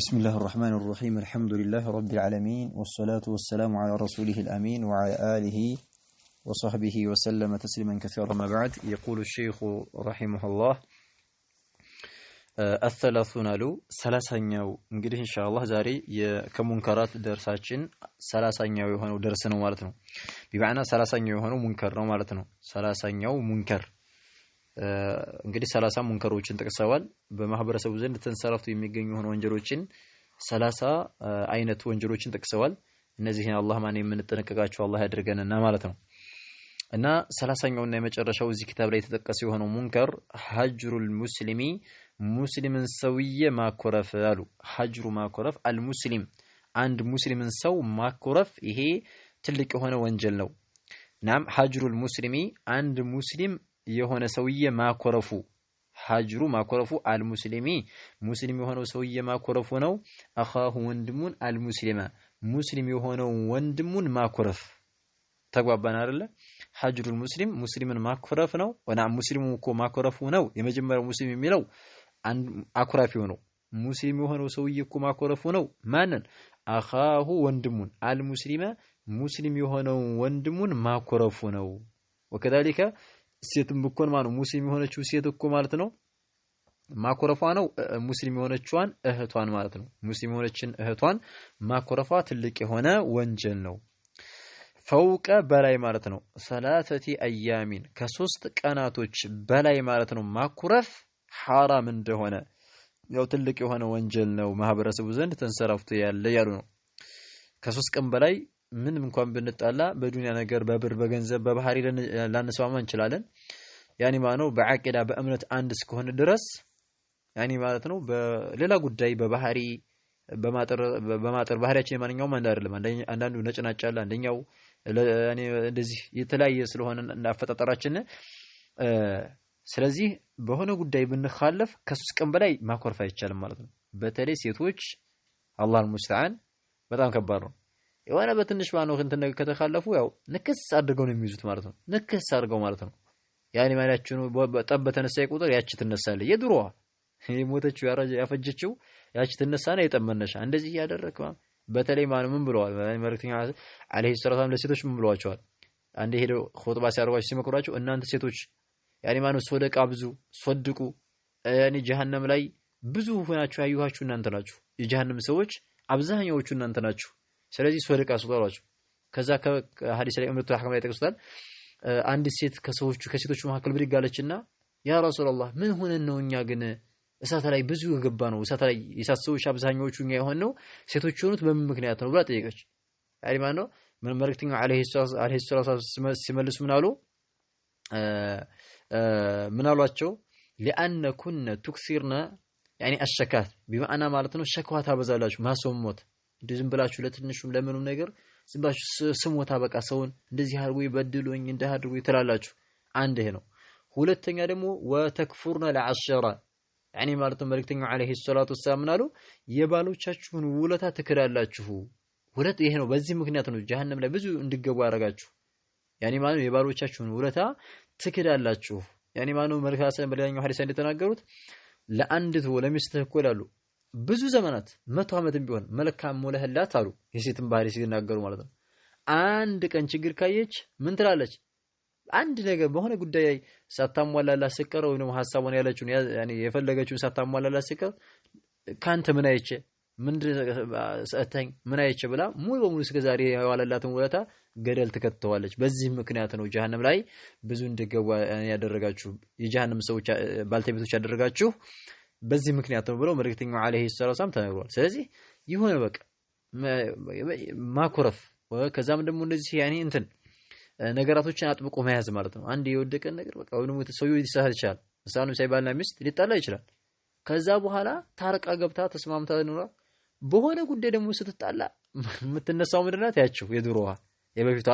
بسم الله الرحمن الرحيم الحمد لله رب العالمين والصلاة والسلام على رسوله الأمين وعلى آله وصحبه وسلم تسليما كثيرا ما بعد يقول الشيخ رحمه الله آه، الثلاثون لو نقول إن شاء الله زاري كمنكرات ሰላሳኛው የሆነው ደርስ ነው درسنا ነው بمعنى ሰላሳኛው የሆነው ሙንከር ነው ማለት ነው ሰላሳኛው منكر እንግዲህ ሰላሳ ሙንከሮችን ጠቅሰዋል። በማህበረሰቡ ዘንድ ተንሰራፍቶ የሚገኙ የሆነ ወንጀሎችን ሰላሳ አይነት ወንጀሎችን ጠቅሰዋል። እነዚህን አላህ ማን የምንጠነቀቃቸው አላህ ያድርገንና ማለት ነው እና ሰላሳኛውና የመጨረሻው እዚህ ኪታብ ላይ የተጠቀሰ የሆነው ሙንከር ሀጅሩል ሙስሊሚ ሙስሊምን ሰውዬ ማኮረፍ አሉ። ሀጅሩ ማኮረፍ አልሙስሊም አንድ ሙስሊምን ሰው ማኮረፍ ይሄ ትልቅ የሆነ ወንጀል ነው። ናም ሀጅሩል ሙስሊሚ አንድ ሙስሊም የሆነ ሰውዬ ማኮረፉ ሀጅሩ ማኮረፉ አልሙስሊሚ ሙስሊም የሆነው ሰውዬ ማኮረፉ ነው። አኻሁ ወንድሙን አልሙስሊማ ሙስሊም የሆነው ወንድሙን ማኮረፍ ተጓባን አይደለ? ሀጅሩል ሙስሊም ሙስሊምን ማኮረፍ ነው። ወና ሙስሊሙ እኮ ማኮረፉ ነው። የመጀመሪያው ሙስሊም የሚለው አኩራፊው ነው። ሙስሊም የሆነው ሰውዬ እኮ ማኮረፉ ነው። ማንን? አኻሁ ወንድሙን አልሙስሊማ ሙስሊም የሆነው ወንድሙን ማኮረፉ ነው። ወከዛሊከ ሴትም ብኮን ማለት ነው ሙስሊም የሆነችው ሴት እኮ ማለት ነው ማኮረፏ ነው ሙስሊም የሆነችዋን እህቷን ማለት ነው። ሙስሊም የሆነችን እህቷን ማኮረፏ ትልቅ የሆነ ወንጀል ነው። ፈውቀ በላይ ማለት ነው። ሰላተቲ አያሚን ከሶስት ቀናቶች በላይ ማለት ነው ማኩረፍ ሐራም እንደሆነ ያው ትልቅ የሆነ ወንጀል ነው። ማህበረሰቡ ዘንድ ተንሰራፍቶ ያለ ያሉ ነው። ከሶስት ቀን በላይ ምንም እንኳን ብንጣላ በዱንያ ነገር በብር በገንዘብ በባህሪ ላንስማማ እንችላለን። ያኒ ማለት ነው በአቂዳ በእምነት አንድ እስከሆነ ድረስ ያኒ ማለት ነው። በሌላ ጉዳይ በባህሪ በማጠር ባህሪያችን የማንኛውም አንድ አይደለም። አንዳንዱ ነጭናጭ አለ፣ አንደኛው እንደዚህ የተለያየ ስለሆነ አፈጣጠራችን። ስለዚህ በሆነ ጉዳይ ብንካለፍ ከሶስት ቀን በላይ ማኮርፍ አይቻልም ማለት ነው። በተለይ ሴቶች አላህ አልሙስተዓን በጣም ከባድ ነው። የሆነ በትንሽ ባኖ እንትን ነገር ከተካለፉ ያው ንክስ አድርገው ነው የሚይዙት ማለት ነው። ንክስ አድርገው ማለት ነው። ያኔ ማለያችሁ ጠብ በተነሳ ቁጥር ያቺ ትነሳለች። የድሮዋ የሞተችው ያፈጀችው ያቺ ትነሳና የጠመነሻ እንደዚህ እያደረክ በተለይ ማን ምን ብለዋል መልእክተኛ አለይሂ ሰላም ለሴቶች ምን ብለዋቸዋል? አንዴ ሄደው ኹጥባ ሲያደርጓቸው ሲመክሯቸው እናንተ ሴቶች ያኔ ማን ሶደቃ ብዙ ሶድቁ ያኔ ጀሃነም ላይ ብዙ ሆናችሁ ያዩኋችሁ እናንተ ናችሁ። የጀሃነም ሰዎች አብዛኛዎቹ እናንተ ናችሁ። ስለዚህ ሶደቃ ስጡ ከዛ ከሐዲስ ላይ እምነቱ ሐከም ላይ ጠቅሱታል። አንድ ሴት ከሰዎቹ ከሴቶቹ መካከል ብድግ አለችና ያ ረሱላህ ምን ሆነን ነው እኛ ግን እሳት ላይ ብዙ የገባ ነው እሳት ላይ የእሳት ሰዎች አብዛኛዎቹ እኛ የሆን ነው ሴቶች የሆኑት በምን ምክንያት ነው ብላ ጠየቀች። አሊማ ነው ምን መልእክተኛው አለይሂ ሰላቱ ሲመልሱ ምን አሉ ምን አሏቸው? ሊአነ ቱክሲርነ ያኒ አሸካት ቢማዕና ማለት ነው ሸክዋ ታበዛላችሁ ማስሞት እንዲሁ ዝም ብላችሁ ለትንሹም ለምኑም ነገር ዝም ብላችሁ ስሞታ በቃ ሰውን እንደዚህ አድርጎ ይበድሉኝ እንዲህ አድርጎ ትላላችሁ። አንድ ይሄ ነው። ሁለተኛ ደግሞ ወተክፉርነ ለአሸራ ያኔ ማለት መልእክተኛው አለይሂ ሰላቱ ወሰላም ምን አሉ? የባሎቻችሁን ውለታ ትክዳላችሁ። ሁለት ይሄ ነው። በዚህ ምክንያት ነው ጀሀነም ላይ ብዙ እንድገቡ ያደርጋችሁ። ያኔ ማለት የባሎቻችሁን ውለታ ትክዳላችሁ። ያኔ ማለት መልካሰን በሌላኛው ሐዲስ እንደተናገሩት ለአንዲት ለሚስትህ እኮ ይላሉ ብዙ ዘመናት መቶ ዓመትም ቢሆን መልካም ሞለህላት አሉ። የሴትን ባህሪ ሲናገሩ ማለት ነው። አንድ ቀን ችግር ካየች ምን ትላለች? አንድ ነገር በሆነ ጉዳይ ላይ ሳታሟላላት ስቀር ወይ ደግሞ ሀሳቧን ያለችውን የፈለገችውን ሳታሟላላት ስቀር ካንተ ምን አይቼ ምን ምን አይቼ ብላ ሙሉ በሙሉ እስከ ዛሬ የዋለላትን ውለታ ገደል ትከትተዋለች። በዚህ ምክንያት ነው ጀሃነም ላይ ብዙ እንዲገቡ ያደረጋችሁ የጀሃነም ሰዎች ባልተቤቶች ያደረጋችሁ በዚህ ምክንያት ነው ብሎ መልእክተኛው ዓለይሂ ሰላቱ ወሰላም ተናግሯል። ስለዚህ የሆነ በቃ ማኮረፍ ከዛም ደግሞ እንደዚህ ያኔ እንትን ነገራቶችን አጥብቆ መያዝ ማለት ነው። አንድ የወደቀን ነገር በቃ ወይንም ሰውዬው ሊሳሳት ይችላል። ምሳሌ ባልና ሚስት ሊጣላ ይችላል። ከዛ በኋላ ታርቃ ገብታ ተስማምታ ኑራ በሆነ ጉዳይ ደግሞ ስትጣላ የምትነሳው ምንድን ናት? ያቸው የድሮዋ የበፊቷ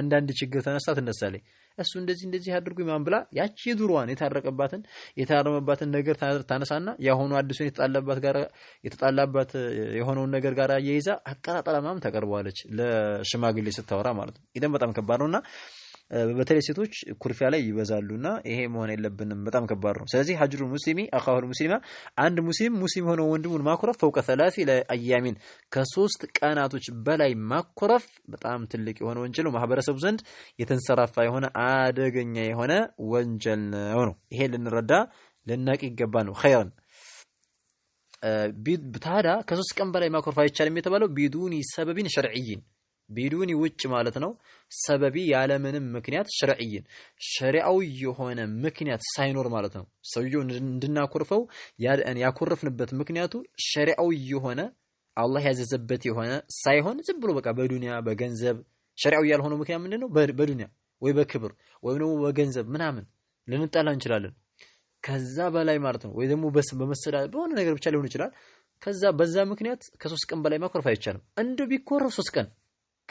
አንዳንድ ችግር ተነሳ ትነሳለኝ እሱ እንደዚህ እንደዚህ አድርጉኝ ማን ብላ ያቺ የድሮዋን የታረቀባትን የታረመባትን ነገር ታነሳና የአሁኑ አዲሱን የተጣላባት ጋር የተጣላባት የሆነውን ነገር ጋር አያይዛ አቀጣጠላ ምናምን ተቀርበዋለች ለሽማግሌ ስታወራ ማለት ነው። ይደም በጣም ከባድ ነውና በተለይ ሴቶች ኩርፊያ ላይ ይበዛሉና ይሄ መሆን የለብንም። በጣም ከባድ ነው። ስለዚህ ሀጅሩ ሙስሊሚ አኻሁል ሙስሊማ አንድ ሙስሊም ሙስሊም ሆኖ ወንድሙን ማኩረፍ ፈውቀ ሰላሲ ለአያሚን ከሶስት ቀናቶች በላይ ማኩረፍ በጣም ትልቅ የሆነ ወንጀል ነው። ማህበረሰቡ ዘንድ የተንሰራፋ የሆነ አደገኛ የሆነ ወንጀል ነው ነው ይሄ ልንረዳ ልናቅ ይገባ ነው ኸይረን ታዲያ ከሶስት ቀን በላይ ማኩረፍ አይቻልም የተባለው ቢዱኒ ሰበቢን ሸርዕይን ቢዱኒ ውጭ ማለት ነው። ሰበቢ ያለምንም ምክንያት ሽርዕይን ሸሪዓዊ የሆነ ምክንያት ሳይኖር ማለት ነው። ሰውየው እንድናኮርፈው ያኮረፍንበት ምክንያቱ ሸሪዓዊ የሆነ አላህ ያዘዘበት የሆነ ሳይሆን ዝም ብሎ በቃ በዱንያ በገንዘብ ሸሪዓዊ ያልሆነው ምክንያት ምንድን ነው? በዱንያ ወይ በክብር ወይም ደግሞ በገንዘብ ምናምን ልንጣላ እንችላለን። ከዛ በላይ ማለት ነው። ወይ ደግሞ በመሰዳ በሆነ ነገር ብቻ ሊሆን ይችላል። ከዛ በዛ ምክንያት ከሶስት ቀን በላይ ማኮረፍ አይቻልም። እንደ ቢኮረፍ ሶስት ቀን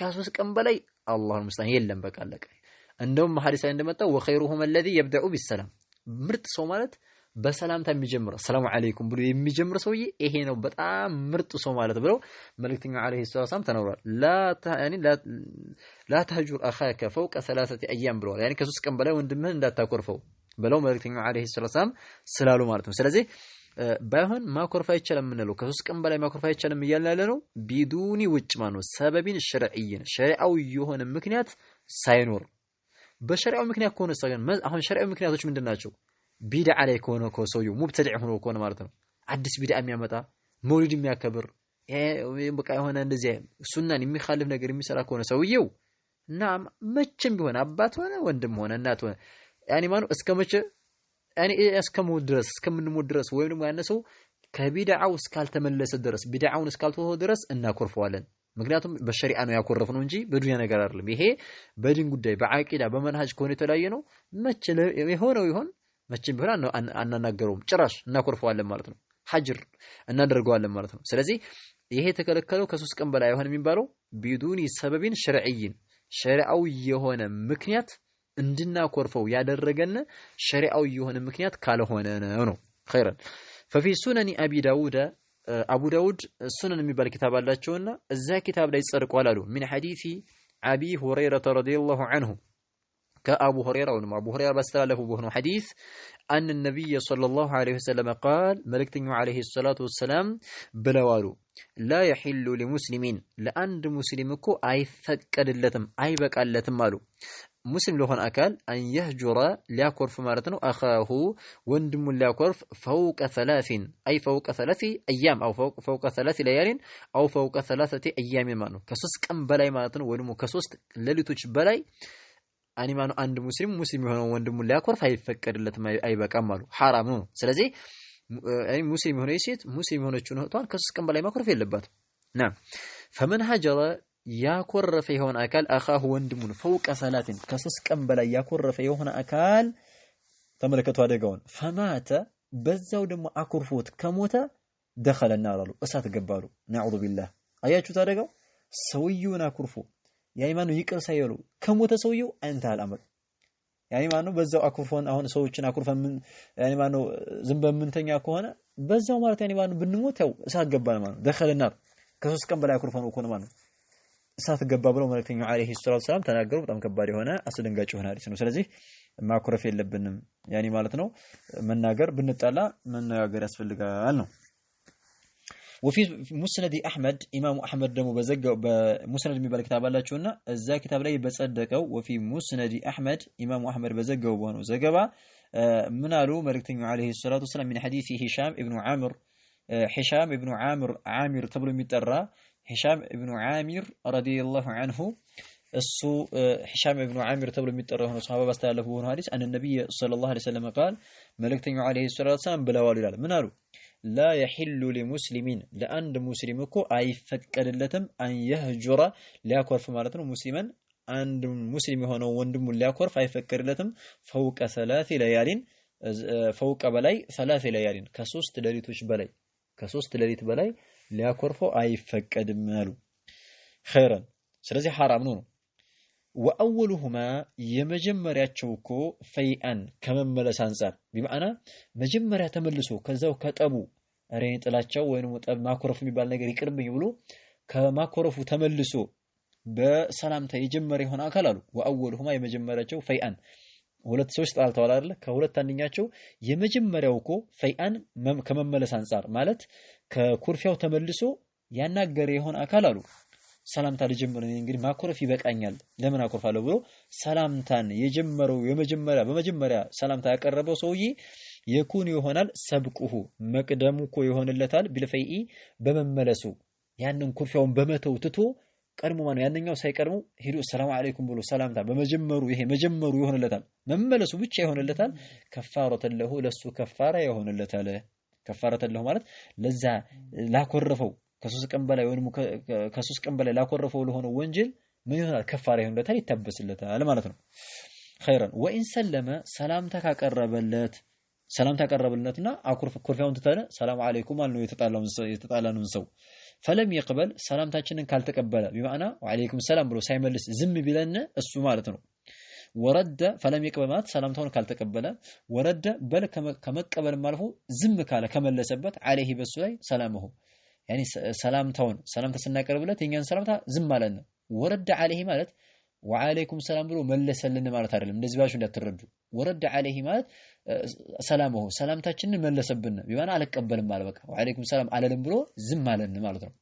ከሶስት ቀን በላይ አላሁል ሙስተዓን የለም። በቃ አለቀ። እንደውም ሐዲስ ላይ እንደመጣው ወኸይሩሁም አለዚ የብደኡ ቢሰላም ምርጥ ሰው ማለት በሰላምታ የሚጀምር ሰላሙ አለይኩም ብሎ የሚጀምር ሰውዬ ይሄ ነው በጣም ምርጥ ሰው ማለት ብለው መልእክተኛው አለይሂ ሰላም ተናግሯል። ላ ተህጁር አኻከ ፈውቀ ሰላሰቲ አያም ብለዋል። ያኔ ከሶስት ቀን በላይ ወንድምህን እንዳታኮርፈው ብለው መልእክተኛው አለይሂ ሰላም ስላሉ ማለት ነው። ስለዚህ ባይሆን ማኮረፍ አይቻልም የምንለው ከሶስት ቀን በላይ ማኮረፍ አይቻልም እያልን ያለ ነው። ቢዱኒ ውጭ ማነው ሰበቢን ሸርዕይን ሸሪዓዊ የሆነ ምክንያት ሳይኖር በሸሪዓው ምክንያት ከሆነ ሰገን አሁን ሸሪዓዊ ምክንያቶች ምንድን ናቸው? ቢድዓ ላይ ከሆነ ሰውየው ሙብተድዕ ሆኖ ከሆነ ማለት ነው። አዲስ ቢድዓ የሚያመጣ መውሊድ የሚያከብር በቃ የሆነ እንደዚህ ሱናን የሚካልፍ ነገር የሚሰራ ከሆነ ሰውየው እና መቼም ቢሆን አባት ሆነ ወንድም ሆነ እናት ሆነ ያኔ ማነው እስከ መቼ እኔ እስከሞት ድረስ እስከምንሞት ድረስ ወይም ደግሞ ያነ ሰው ከቢድዓው እስካልተመለሰ ድረስ ቢድዓውን እስካልተወ ድረስ እናኮርፈዋለን። ምክንያቱም በሸሪዓ ነው ያኮረፍነው እንጂ በዱንያ ነገር አይደለም። ይሄ በዲን ጉዳይ በአቂዳ በመንሃጅ ከሆነ የተለያየ ነው። መቼ የሆነው ይሆን? መቼም ቢሆን አናናገረውም፣ ጭራሽ እናኮርፈዋለን ማለት ነው። ሐጅር እናደርገዋለን ማለት ነው። ስለዚህ ይሄ የተከለከለው ከሶስት ቀን በላይ አይሆን የሚባለው ቢዱኒ ሰበቢን ሸርዕይን ሸሪዓዊ የሆነ ምክንያት እንድናኮርፈው ያደረገን ሸሪዓዊ የሆነ ምክንያት ካልሆነ ነው። ኸይረን ፈፊ ሱነኒ አቢ ዳውድ አቡ ዳውድ ሱነን የሚባል ኪታብ አላቸውና እዛ ኪታብ ላይ ጸድቋል አሉ። ሚን ሐዲሲ አቢ ሁረይረተ ረዲየላሁ ዐንሁ ከአቡ ሁረይራ ወይም አቡ ሁረይራ ባስተላለፉ በሆነው ሐዲስ አን ነቢይ ሰለላሁ ዐለይሂ ወሰለም ቃል መልእክተኛው ዐለይሂ ሰላቱ ወሰላም ብለዋሉ ላ የሒሉ ሊሙስሊሚን ለአንድ ሙስሊም እኮ አይፈቀድለትም አይበቃለትም አሉ مسلم لهون أكل أن يهجر لياكورف مارتنو أخاه وندم لياكورف فوق ثلاث أي فوق ثلاث أيام أو فوق فوق ثلاث ليال أو فوق ثلاثة أيام مانو كسوس كم بلاي مارتنو ولم كسوس للي توش بلاي أني مانو عند مسلم مسلم هنا وندم لياكورف هاي فكر لا تما أي بكملو حرام نو سلزي أي مسلم هنا يسيت مسلم هنا تشونه طبعا كسوس كم بلاي ما كورف يلبات نعم فمن هجر ያኮረፈ የሆነ አካል አኻሁ ወንድሙን ፈውቀ ሰላትን ከሶስት ቀን በላይ ያኮረፈ የሆነ አካል ተመለከቱ አደጋውን ፈማተ በዛው ደግሞ አኩርፎት ከሞተ ደኸለ ናር አሉ እሳት ገባሉ። ነዑዙ ቢላህ አያችሁት አደጋው። ሰውየውን አኩርፎ ያይማኑ ይቅር ሳይሉ ከሞተ ሰውየው እንተሃል አመል ያይማኑ በዛው አኩርፎን አሁን ሰዎችን አኩርፈን ያይማኑ ዝም በምንተኛ ከሆነ በዛው ማለት ያይማኑ ብንሞት ያው እሳት ገባል ማለት ደኸለ ናር ከሶስት ቀን በላይ አኩርፈን እኮ ነው ማለት እሳት ገባ ብለው መልእክተኛው ዓለይሂ ሰላቱ ሰላም ተናገሩ። በጣም ከባድ የሆነ አስደንጋጭ የሆነ ሐዲስ ነው። ስለዚህ ማኩረፍ የለብንም ያኔ ማለት ነው። መናገር ብንጣላ መነጋገር ያስፈልጋል ነው። ወፊ ሙስነድ አሕመድ ኢማሙ አሕመድ ደግሞ በዘጋው በሙስነድ የሚባል ኪታብ አላቸውና እዛ ኪታብ ላይ በጸደቀው ወፊ ሙስነዲ አሕመድ ኢማሙ አሕመድ በዘጋው በሆነው ዘገባ ምን አሉ መልእክተኛው ዓለይሂ ሰላቱ ሰላም ሚን ሐዲስ ሂሻም ኢብኑ ዓምር ሂሻም ኢብኑ ዓምር ዓሚር ተብሎ የሚጠራ ሂሻም እብኑ ዓሚር ረዲየላሁ አንሁ እሱ ሂሻም እብኑ ዓሚር ተብሎ የሚጠራው የሆነ ሰሃባ ባስተላለፉ በሆነ ሐዲስ አን ነብይ ሰለላሁ ዐለይሂ ወሰለም ቃል መልእክተኛው ዐለይሂ ሰላቱ ወሰላም ብለዋል ይላል። ምን አሉ? ላ የሒሉ ሊሙስሊሚን ለአንድ ሙስሊም እኮ አይፈቀድለትም አን የህጁረ ሊያኮርፍ ማለት ነው ሙስሊመን አንድ ሙስሊም የሆነው ወንድሙን ሊያኮርፍ አይፈቀድለትም ፈውቀ ሰላሴ ለያሊን ፈውቀ በላይ ሰላሴ ለያሊን ከሶስት ሌሊቶች በላይ ከሶስት ሌሊት በላይ ሊያኮርፈው አይፈቀድም አሉ። ኸይረን ስለዚህ ሐራም ነው ነው። ወአወሉሁማ የመጀመሪያቸው እኮ ፈይአን ከመመለስ አንጻር ቢማዕና መጀመሪያ ተመልሶ ከዛው ከጠቡ ሬን ጥላቻው ወይም ጠብ ማኮረፍ የሚባል ነገር ይቅርብኝ ብሎ ከማኮረፉ ተመልሶ በሰላምታ የጀመረ የሆነ አካል አሉ። ወአወሉሁማ የመጀመሪያቸው ፈይአን ሁለት ሰዎች ጣልተዋል አይደለ? ከሁለት አንደኛቸው የመጀመሪያው እኮ ፈይአን ከመመለስ አንጻር ማለት ከኩርፊያው ተመልሶ ያናገረ የሆነ አካል አሉ ሰላምታ ልጀምር እንግዲህ ማኮረፍ ይበቃኛል፣ ለምን አኮርፋለሁ ብሎ ሰላምታን የጀመረው የመጀመሪያ በመጀመሪያ ሰላምታ ያቀረበው ሰውዬ የኩን ይሆናል ሰብቁሁ መቅደሙ እኮ ይሆንለታል ቢልፈይኢ በመመለሱ ያንን ኩርፊያውን በመተው ትቶ ቀድሞ ማነው ያንኛው ሳይቀድሙ ሄዶ ሰላም አለይኩም ብሎ ሰላምታ በመጀመሩ ይሄ መጀመሩ ይሆንለታል፣ መመለሱ ብቻ ይሆንለታል። ከፋረተን ለሁ ለሱ ከፋራ ይሆንለታል። ከፋረተለሁ ማለት ለዛ ላኮረፈው ከሶስት ቀን በላይ ወይም ከሶስት ቀን በላይ ላኮረፈው ለሆነው ወንጀል ምን ይሆናል? ከፋራ ይሆንለታል፣ ይታበስለታል ማለት ነው። ኸይረን ወኢን ሰለመ ሰላምታ ካቀረበለት ሰላምታ ቀረበለትና ኩርፊያውን ተታለ ሰላም አለይኩም አልነው የተጣላውን የተጣላነውን ሰው ፈለም ይቅበል ሰላምታችንን ካልተቀበለ ቢማዕና ወአለይኩም ሰላም ብሎ ሳይመልስ ዝም ቢለን እሱ ማለት ነው ወረደ ፈለም የቅበማት ሰላምታውን ካልተቀበለ ወረደ በል ከመቀበልም አልፎ ዝም ካለ ከመለሰበት አለይህ በሱ ላይ ሰላምሁ ያኒ ሰላምታውን ሰላምታ ስናቀርብለት የኛን ሰላምታ ዝም ማለት ነው። ወረደ አለይህ ማለት ወአለይኩም ሰላም ብሎ መለሰልን ማለት አይደለም። እንደዚህ ባሹ እንዳትረዱ። ወረደ አለይህ ማለት ሰላምሁ ሰላምታችንን መለሰብን ቢሆን አልቀበልም አለ በቃ ወአለይኩም ሰላም አለልን ብሎ ዝም ማለት ነው።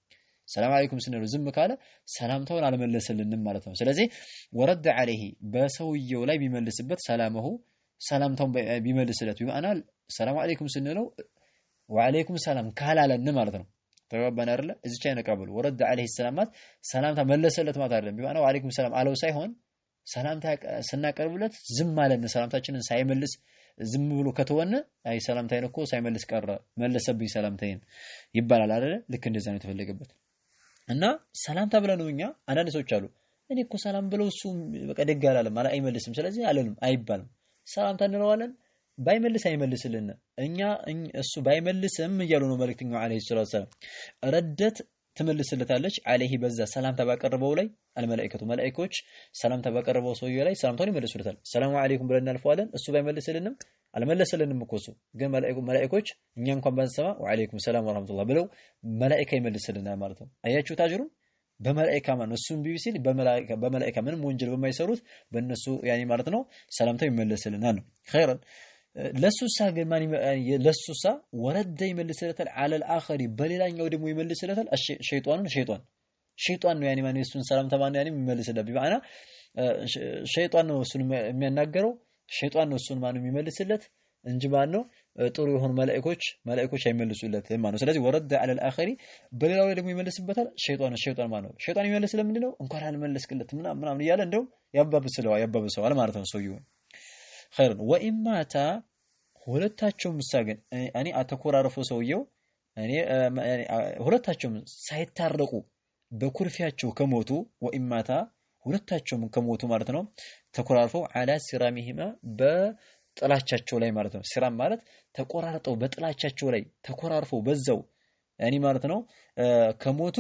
ሰላም አለይኩም ስንለው ዝም ካለ ሰላምታውን አልመለሰልንም ማለት ነው። ስለዚህ ወረድ አለይሂ በሰውየው ላይ ቢመልስበት ሰላመሁ ሰላምታውን ቢመልስለት ቢማዕና ሰላም አለይኩም ስንለው ወአለይኩም ሰላም ካላለን ማለት ነው። ተባባን አይደለ? እዚች አይነቃበሉ ወረድ አለይሂ ሰላም ሰላምታ መለሰለት ማለት አይደለም። ቢማዕና ወአለይኩም ሰላም አለው ሳይሆን ሰላምታ ስናቀርብለት ዝም አለን ሰላምታችንን ሳይመልስ ዝም ብሎ ከተወነ አይ ሰላምታዬን እኮ ሳይመልስ ቀረ መለሰብኝ ሰላምታዬን ይባላል አይደለ? ልክ እንደዛ ነው የተፈለገበት። እና ሰላምታ ብለን እኛ አንዳንድ ሰዎች አሉ እኔ እኮ ሰላም ብለው እሱ በቃ ደግ አላለም አላ አይመልስም። ስለዚህ አለንም አይባልም። ሰላምታ እንለዋለን ባይመልስ አይመልስልን እኛ እሱ ባይመልስም እያሉ ነው መልእክተኛው ዓለይሂ ሰላም ረደት ትመልስለታለች። አለይህ በዛ ሰላምታ ባቀረበው ላይ አልመላኢከቱ መላኢኮች ሰላምታ ባቀረበው ሰውዬ ላይ ሰላምታውን ይመልሱለታል። ሰላሙ አለይኩም ብለን እናልፈዋለን። እሱ ባይመልስልንም አልመለሰልንም እኮ እሱ ግን መላኢኮች እኛ እንኳን ባንሰማ ወአለይኩም ሰላም ወራህመቱላህ ብለው መላኢካ ይመልስልናል ማለት ነው። አያችሁ ታጅሩ በመላእካ ማን እሱም ቢቢ ሲል በመላእካ ምንም ወንጀል በማይሰሩት በእነሱ ያኔ ማለት ነው ሰላምታው ይመለስልናል ነው ኸይረን ለሱሳ ገማን ለሱሳ ወረደ ይመልስለታል። አለ አኸሪ በሌላኛው ደግሞ ይመልስለታል። ሸይጣኑ ሸይጣን ሸይጣን ነው ያኔ ማን የሱን ሰላም ተማን ያኔ የሚመልስለት ቢማዕና ሸይጣን ነው እሱን የሚያናገረው ሸይጣን ነው እሱን ማን የሚመልስለት እንጂ ማን ነው ጥሩ የሆኑ መላእኮች መላእኮች አይመልሱለት ማን ነው። ስለዚህ ወረደ አለ አኸሪ በሌላው ላይ ደግሞ ይመልስበታል። ሸይጣን ነው ሸይጣን ማን ነው ሸይጣን ይመልስ ለምንድን ነው እንኳን አልመለስክለት ምናምን ምናምን እያለ እንደው ያባብስለዋል ያባብሰዋል ማለት ነው ሰውየውን ኸይር ነው። ወኢማታ ሁለታቸውም እሳ ግን እኔ አተኮራረፎ ሰውየው ሁለታቸውም ሳይታረቁ በኩርፊያቸው ከሞቱ ወኢማታ ሁለታቸውም ከሞቱ ማለት ነው ተኮራርፈው አላ ሲራሚሂማ በጥላቻቸው ላይ ማለት ነው። ሲራም ማለት ተቆራርጠው በጥላቻቸው ላይ ተኮራርፈው በዛው እኔ ማለት ነው ከሞቱ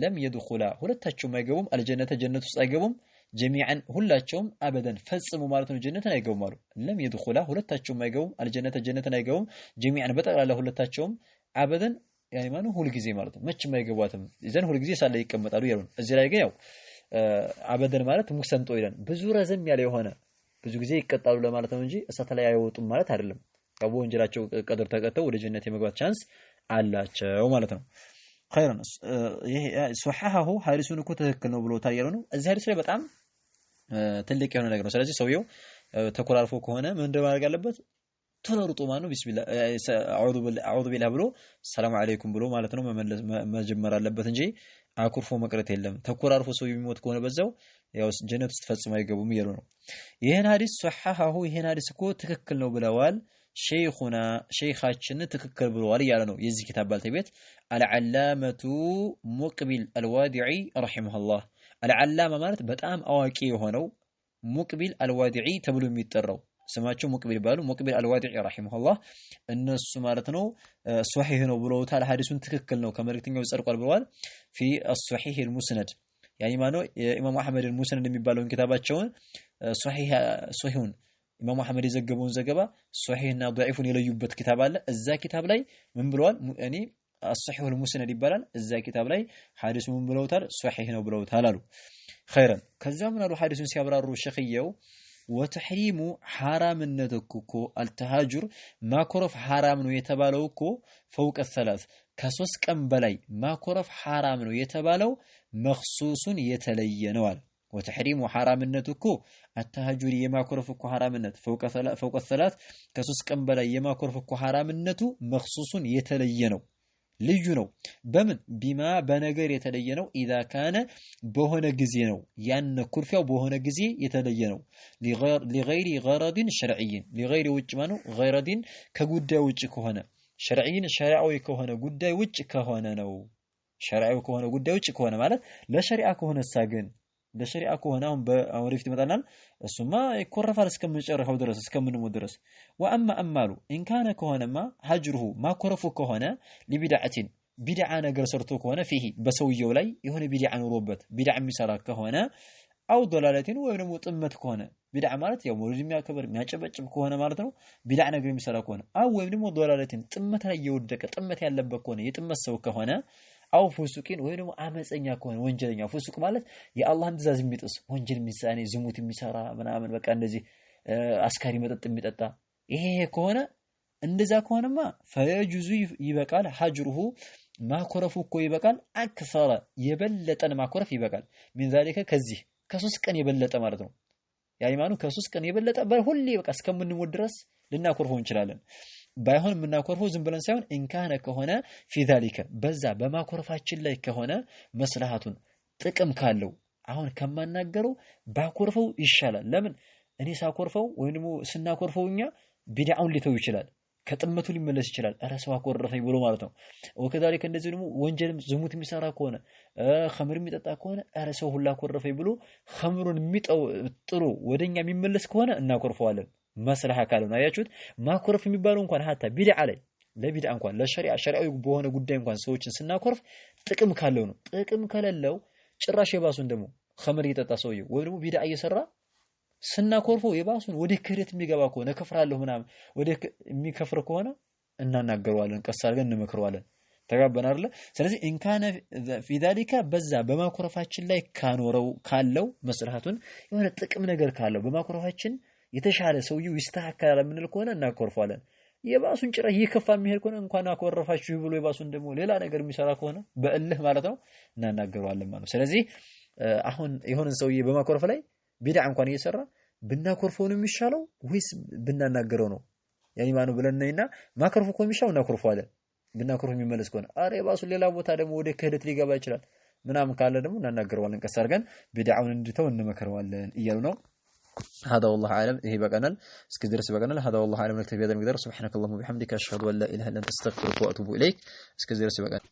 ለም የድኹላ ሁለታቸውም አይገቡም። አልጀነተ ጀነት ውስጥ አይገቡም። ጀሚዐን ሁላቸውም አበደን ፈጽሙ ማለት ነው ጀነትን አይገቡም አሉ። ለም የድኹላ ሁለታቸውም አይገቡም፣ አልጀነተ ጀነትን አይገቡም። ጀሚዐን በጠቅላላ ሁለታቸውም አበደን ያኔ ሁልጊዜ ማለት ነው መቼም አይገቧትም። ዘን ሁልጊዜ ሳለ ይቀመጣሉ ያሉን። እዚህ ላይ ግን ያው አበደን ማለት ሙሰንጦ ይላል ብዙ ረዘም ያለ የሆነ ብዙ ጊዜ ይቀጣሉ ለማለት ነው እንጂ እሳት ላይ አይወጡም ማለት አይደለም። ያው በወንጀላቸው ቀድር ተቀጥተው ወደ ጀነት የመግባት ቻንስ አላቸው ማለት ነው። ኸይረን ሶሐሐሁ ሐዲሱን እኮ ትክክል ነው ብሎታል ያሉ ነው። እዚህ ሐዲስ ላይ በጣም ትልቅ የሆነ ነገር ነው። ስለዚህ ሰውየው ተኮላልፎ ከሆነ ምን እንደማድረግ ያለበት ቶሎ ሩጦ ማለት ነው። ቢስሚላህ አዑዙ ቢላህ ብሎ ሰላም አለይኩም ብሎ ማለት ነው መጀመር አለበት እንጂ አኩርፎ መቅረት የለም። ተኮራርፎ ሰው የሚሞት ከሆነ በዛው ያው ጀነት ውስጥ ፈጽሞ አይገቡም እያሉ ነው። ይህን ሀዲስ ሶሐሐሁ ይህን ሀዲስ እኮ ትክክል ነው ብለዋል ሸይኹና ሸይኻችን ትክክል ብለዋል እያለ ነው የዚህ ኪታብ ባልተቤት አልዓላመቱ ሙቅቢል አልዋዲዒ ረሒመሁላህ አልዓላማ ማለት በጣም አዋቂ የሆነው ሙቅቢል አልዋዲዒ ተብሎ የሚጠራው ስማቸው ሙቅቢል ባሉ ሙቅቢል አልዋዲዒ ረሂመሁላህ እነሱ ማለት ነው ሶሒህ ነው ብለውታል። ሐዲሱን ትክክል ነው ከመልእክተኛው ጸድቋል ብለዋል። ፊ አሶሒህ ልሙስነድ ያኒ ማነው የኢማሙ አሕመድ ሙስነድ የሚባለውን ኪታባቸውን ሶሒሁን ኢማሙ አሕመድ የዘገበውን ዘገባ ሶሒህና ዶዒፉን የለዩበት ኪታብ አለ። እዛ ኪታብ ላይ ምን ብለዋል እኔ አስሒሁል ሙስነድ ይባላል። እዛ ኪታብ ላይ ሐዲሱ ምን ብለውታል? ሶሒህ ነው ብለውታል አሉ። ኸይረን ከዛ ምን አሉ? ሐዲሱን ሲያብራሩ ሸኽየው ወተሕሪሙ ሐራምነት እኮ አልተሃጁር ማኮረፍ ሐራም ነው የተባለው እኮ ፈውቀ ሰላት ከሶስት ቀን በላይ ማኮረፍ ሐራም ነው የተባለው መክሱሱን የተለየ ነው አለ። ወተሕሪሙ ሐራምነት እኮ አተሃጁሪ የማኮረፍ እኮ ሐራምነት ፈውቀ ሰላት ከሶስት ቀን በላይ የማኮረፍ እኮ ሐራምነቱ መክሱሱን የተለየ ነው። ልዩ ነው። በምን ቢማ በነገር የተለየ ነው። ኢዛ ካነ በሆነ ጊዜ ነው። ያነ ኩርፊያው በሆነ ጊዜ የተለየ ነው። ሊገይሪ ገረድን ሸርዕይን ሊገይሪ ውጭ ማነው ገረድን ከጉዳይ ውጭ ከሆነ ሸርዕይን ሸሪዓዊ ከሆነ ጉዳይ ውጭ ከሆነ ነው። ሸሪዓዊ ከሆነ ጉዳይ ውጭ ከሆነ ማለት ለሸሪዓ ከሆነሳ ግን በሸሪዓ ከሆነ አሁን ወደፊት ይመጣናል። እሱማ ይኮረፋል እስከምንጨርሰው ድረስ እስከምንሞት ድረስ ወአማ አማሉ ኢንካነ ከሆነማ ሀጅሩሁ ማኮረፉ ከሆነ ሊቢድዓትን ቢድዓ ነገር ሰርቶ ከሆነ ፊሂ በሰውየው ላይ የሆነ ቢድዓ ኑሮበት ቢድዓ የሚሰራ ከሆነ አው ዶላለቴን ወይም ደግሞ ጥመት ከሆነ ቢድዓ ማለት ያው መውሊድ የሚያከብር የሚያጨበጭብ ከሆነ ማለት ነው። ቢድዓ ነገር የሚሰራ ከሆነ አው ወይም ደግሞ ዶላለቴን ጥመት ላይ የወደቀ ጥመት ያለበት ከሆነ የጥመት ሰው ከሆነ አው ፉሱቂን ወይ ደግሞ አመፀኛ ከሆነ ወንጀለኛ። ፉሱቅ ማለት የአላህን ትእዛዝ የሚጥስ ወንጀል የሚሳኔ ዝሙት የሚሰራ ምናምን በቃ እንደዚህ አስካሪ መጠጥ የሚጠጣ ይሄ ከሆነ እንደዛ ከሆነማ ፈየጁዙ ይበቃል። ሀጅሩሁ ማኮረፉ እኮ ይበቃል። አክሰረ የበለጠን ማኮረፍ ይበቃል። ሚን ዛሊከ ከዚህ ከሶስት ቀን የበለጠ ማለት ነው። የሃይማኑ ከሶስት ቀን የበለጠ ሁሌ በቃ እስከምንሞት ድረስ ልናኮርፈው እንችላለን። ባይሆን የምናኮርፈው ዝም ብለን ሳይሆን ኢንካነ ከሆነ ፊ ዛሊከ በዛ በማኮርፋችን ላይ ከሆነ መስላሃቱን ጥቅም ካለው አሁን ከማናገረው ባኮርፈው ይሻላል። ለምን እኔ ሳኮርፈው ወይም ስናኮርፈው እኛ ቢድዓውን ሊተው ይችላል ከጥመቱ ሊመለስ ይችላል። እረ ሰው አኮረፈኝ ብሎ ማለት ነው። ወከዛሊከ እንደዚህ ደግሞ ወንጀል ዝሙት የሚሰራ ከሆነ ኸምር የሚጠጣ ከሆነ እረ ሰው ሁላ አኮረፈኝ ብሎ ኸምሩን የሚጠው ጥሩ ወደኛ የሚመለስ ከሆነ እናኮርፈዋለን። መስለሃ ካለን አያችሁት። ማኮረፍ የሚባለው እንኳን ሀታ ቢድዓ ላይ ለቢድዓ እንኳን ለሸሪዓ ሸሪዓዊ በሆነ ጉዳይ እንኳን ሰዎችን ስናኮርፍ ጥቅም ካለው ነው። ጥቅም ከሌለው ጭራሽ የባሱን ደግሞ ኸምር እየጠጣ ሰውየው ወይ ደግሞ ቢድዓ እየሰራ ስናኮርፈው የባሱን ወደ ክህደት የሚገባ ከሆነ እከፍራለሁ ምናምን ወደ የሚከፍር ከሆነ እናናገረዋለን፣ ቀስ አድርገን እንመክረዋለን። ተጋባን አይደለ? ስለዚህ እንካነ ፊ ዛሊካ በዛ በማኮረፋችን ላይ ካኖረው ካለው መስራቱን የሆነ ጥቅም ነገር ካለው በማኮረፋችን የተሻለ ሰውየው ይስተካከላል የምንል ከሆነ እናኮርፏለን የባሱን ጭራሽ እየከፋ የሚሄድ ከሆነ እንኳን አኮረፋችሁ ብሎ የባሱን ደግሞ ሌላ ነገር የሚሰራ ከሆነ በእልህ ማለት ነው እናናገረዋለን ማለት ነው። ስለዚህ አሁን የሆነን ሰውዬ በማኮረፍ ላይ ቢድዓ እንኳን እየሰራ ብናኮርፈው ነው የሚሻለው ወይስ ብናናገረው ነው? ያኒ ማኑ ብለነኝና ማኮርፉ እኮ የሚሻለው እናኮርፈዋለን። ብናኮርፍ የሚመለስ ከሆነ አረ የባሱ ሌላ ቦታ ደግሞ ወደ ክህደት ሊገባ ይችላል ምናምን ካለ ደግሞ እናናገረዋለን። ቀስ አድርገን ቢድዓውን እንድተው እንመከረዋለን እያሉ ነው። هذا والله اعلم ይሄ በቀናል። እስኪ ድረስ በቀናል። هذا والله اعلم ለተቢያደን ይደር سبحانك اللهم وبحمدك اشهد ان لا اله الا انت استغفرك واتوب اليك እስኪ ድረስ በቀናል።